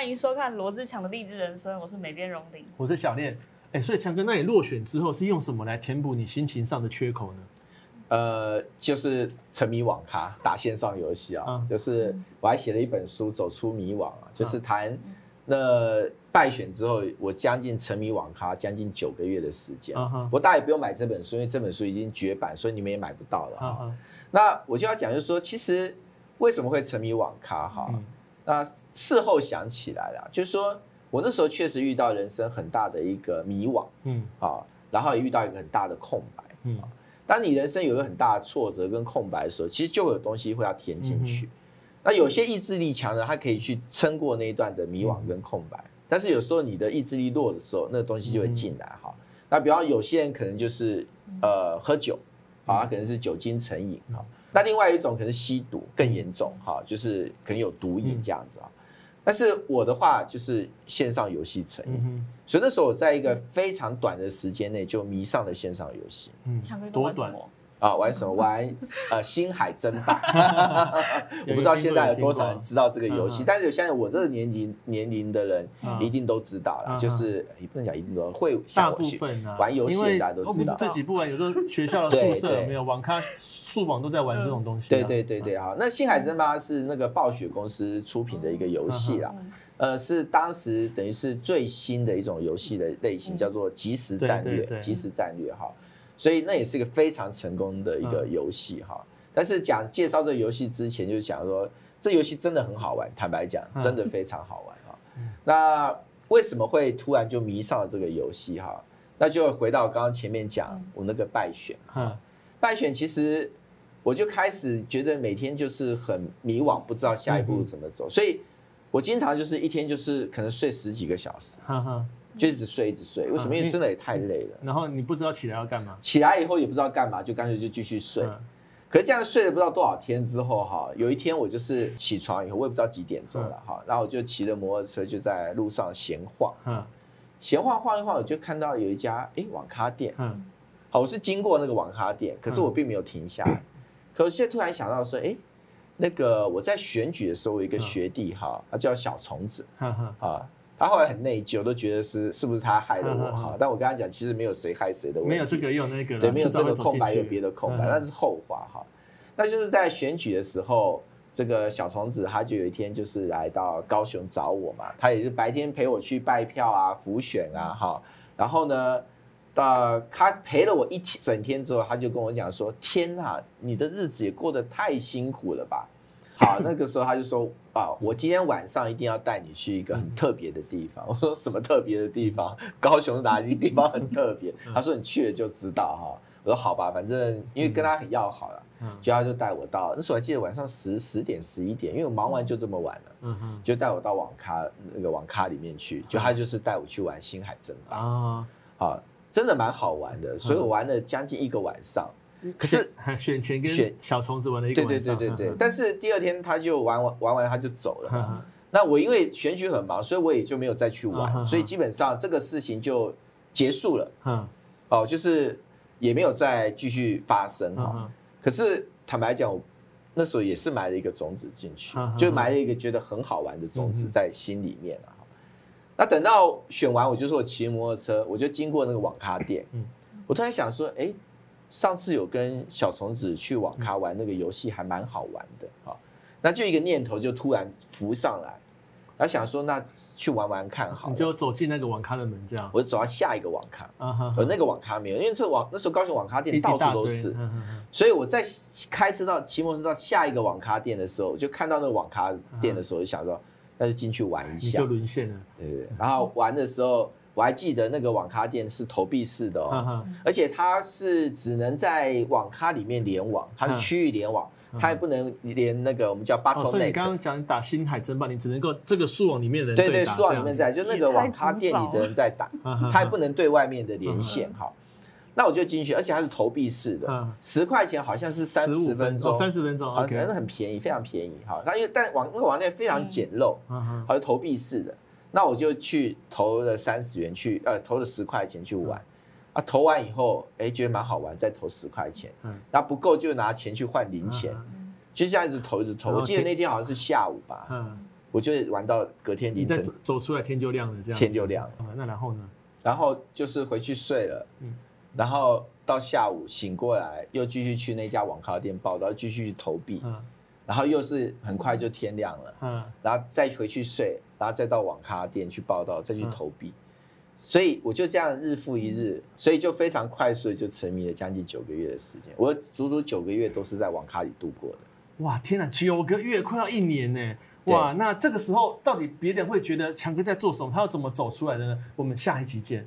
歡迎收看羅志強的荔枝人生，我是美編榮玲，我是小念。哎、欸，所以強哥，那你落選之後是用什麼來填補你心情上的缺口呢？呃，就是沉迷網咖，打線上遊戲、哦、啊。就是我還寫了一本書《嗯、走出迷網》，啊，就是談、啊、那敗選之後，我將近沉迷網咖將近九個月的時間。啊、哈我大概也不用買這本書，因為這本書已經絕版，所以你們也買不到了、哦、啊哈。那我就要講，就是說，其實為什麼會沉迷網咖、哦？哈、嗯。那、呃、事後想起來了，就是說我那時候確實遇到人生很大的一個迷惘，嗯，啊、哦，然後也遇到一個很大的空白，嗯、哦，當你人生有一個很大的挫折跟空白的時候，其實就會有東西會要填進去。嗯、那有些意志力強的，他可以去撐過那一段的迷惘跟空白，嗯、但是有時候你的意志力弱的時候，那東西就會進來哈、嗯嗯哦。那比方有些人可能就是呃喝酒。啊，可能是酒精成癮哈。嗯、那另外一種可能吸毒更嚴重哈，嗯、就是可能有毒癮這樣子啊。嗯、但是我的話就是線上遊戲成癮，嗯、哼所以那時候我在一個非常短的時間內就迷上了線上遊戲。嗯，多短、哦？啊，玩什麼？玩呃《星海爭霸》？我不知道現在有多少人知道這個遊戲，但是我相信我這個年紀、年齡的人一定都知道了。就是也不能講，一定會大部分玩遊戲大家都知道。我不是自己不玩，有時候學校的宿舍沒有網咖、宿網，都在玩這種東西。對對對對，好。那《星海爭霸》是那個暴雪公司出品的一個遊戲啦，呃，是當時等於是最新的一種遊戲的類型，叫做即時戰略，即時戰略哈。所以那也是一個非常成功的一個遊戲哈，但是講介紹這個遊戲之前，就是想說這遊戲真的很好玩，坦白講真的非常好玩哈。那為什麼會突然就迷上了這個遊戲哈？那就回到剛剛前面講我那個敗選哈，敗選其實我就開始覺得每天就是很迷惘，不知道下一步怎麼走，所以我經常就是一天就是可能睡十幾個小時，哈哈。就一直睡一直睡，為什麼？因為真的也太累了。然後你不知道起來要幹嘛。起來以後也不知道幹嘛，就乾脆就繼續睡。可是這樣睡了不知道多少天之後，哈，有一天我就是起床以後，我也不知道幾點鐘了，哈，然後我就騎着摩托車就在路上閒晃。閒晃晃一晃，我就看到有一家哎網咖店。嗯。好，我是經過那個網咖店，可是我並沒有停下。可是現在突然想到說，哎，那個我在選舉的時候，有一個學弟哈，他叫小蟲子。哈哈。他、啊、後來很內疚，都覺得是是不是他害的我哈？呵呵，但我跟他講，其實沒有誰害誰的，沒有這個，有那個，對，沒有這個空白，有別的空白，那呵是後話哈。那就是在選舉的時候，這個小蟲子他就有一天就是來到高雄找我嘛，他也是白天陪我去拜票啊、輔選啊哈。然後呢，到他陪了我一天整天之後，他就跟我講說：“天哪，你的日子也過得太辛苦了吧。” 好，那個時候他就說啊，我今天晚上一定要帶你去一個很特別的地方。嗯、我說什麼特別的地方？高雄哪裡地方很特別？嗯、他說你去了就知道哈、哦。我說好吧，反正因為跟他很要好了，嗯、就他就帶我到那時候還記得晚上十十點十一點，因為我忙完就這麼晚了，嗯哼就帶我到網咖那個網咖裡面去，就他就是帶我去玩星海爭霸啊，嗯、好，真的蠻好玩的，所以我玩了將近一個晚上。嗯嗯可是選前跟選小蟲子玩了一個，對對對對對。但是第二天他就玩玩玩完，他就走了。那我因為選舉很忙，所以我也就沒有再去玩，所以基本上這個事情就結束了。哦，就是也沒有再繼續發生哈。可是坦白講，我那時候也是埋了一個種子進去，就埋了一個覺得很好玩的種子在心裡面。那等到選完，我就說我騎摩托車，我就經過那個網咖店，我突然想說，哎。上次有跟小蟲子去網咖玩那個遊戲，還蠻好玩的，哦、那就一個念頭就突然浮上來，然後想說那去玩玩看，好。你就走進那個網咖的門這樣，我就走到下一個網咖，啊那個網咖沒有，因為這網那時候高雄網咖店到處都是，所以我在開車到騎摩托車到下一個網咖店的時候，就看到那個網咖店的時候，就想說那就進去玩一下，就淪陷了，對，對。然後玩的時候。我還記得那個網咖店是投幣式的哦，而且它是只能在網咖裡面聯網，它是區域聯網，它也不能連那個我們叫 Battle.net。所以你剛剛講打星海爭霸，你只能夠這個樹網裡面的人對對樹網裡面在，就那個網咖店裡的人在打，它也不能對外面的連線哈。那我就進去，而且它是投幣式的，十塊錢好像是三十分鐘，三十分鐘，可能很便宜，非常便宜哈。那因為但網那個網店非常簡陋，好像是投幣式的。那我就去投了三十元，去呃投了十塊錢去玩，啊投完以後，哎覺得蠻好玩，再投十塊錢，嗯，那不夠就拿錢去換零錢，就這樣一直投一直投。我記得那天好像是下午吧，嗯，我就玩到隔天凌晨，走出來天就亮了，這樣天就亮了。那然後呢？然後就是回去睡了，然後到下午醒過來又繼續去那家網咖店，報到，然後繼續去投幣。然後又是很快就天亮了，嗯，然後再回去睡，然後再到網咖店去報道，再去投幣，嗯、所以我就這樣日復一日，所以就非常快速的就沉迷了將近九個月的時間，我足足九個月都是在網咖裡度過的。哇，天哪，九個月快要一年呢！哇，對那這個時候到底別人會覺得強哥在做什麼？他要怎麼走出來的呢？我們下一期見。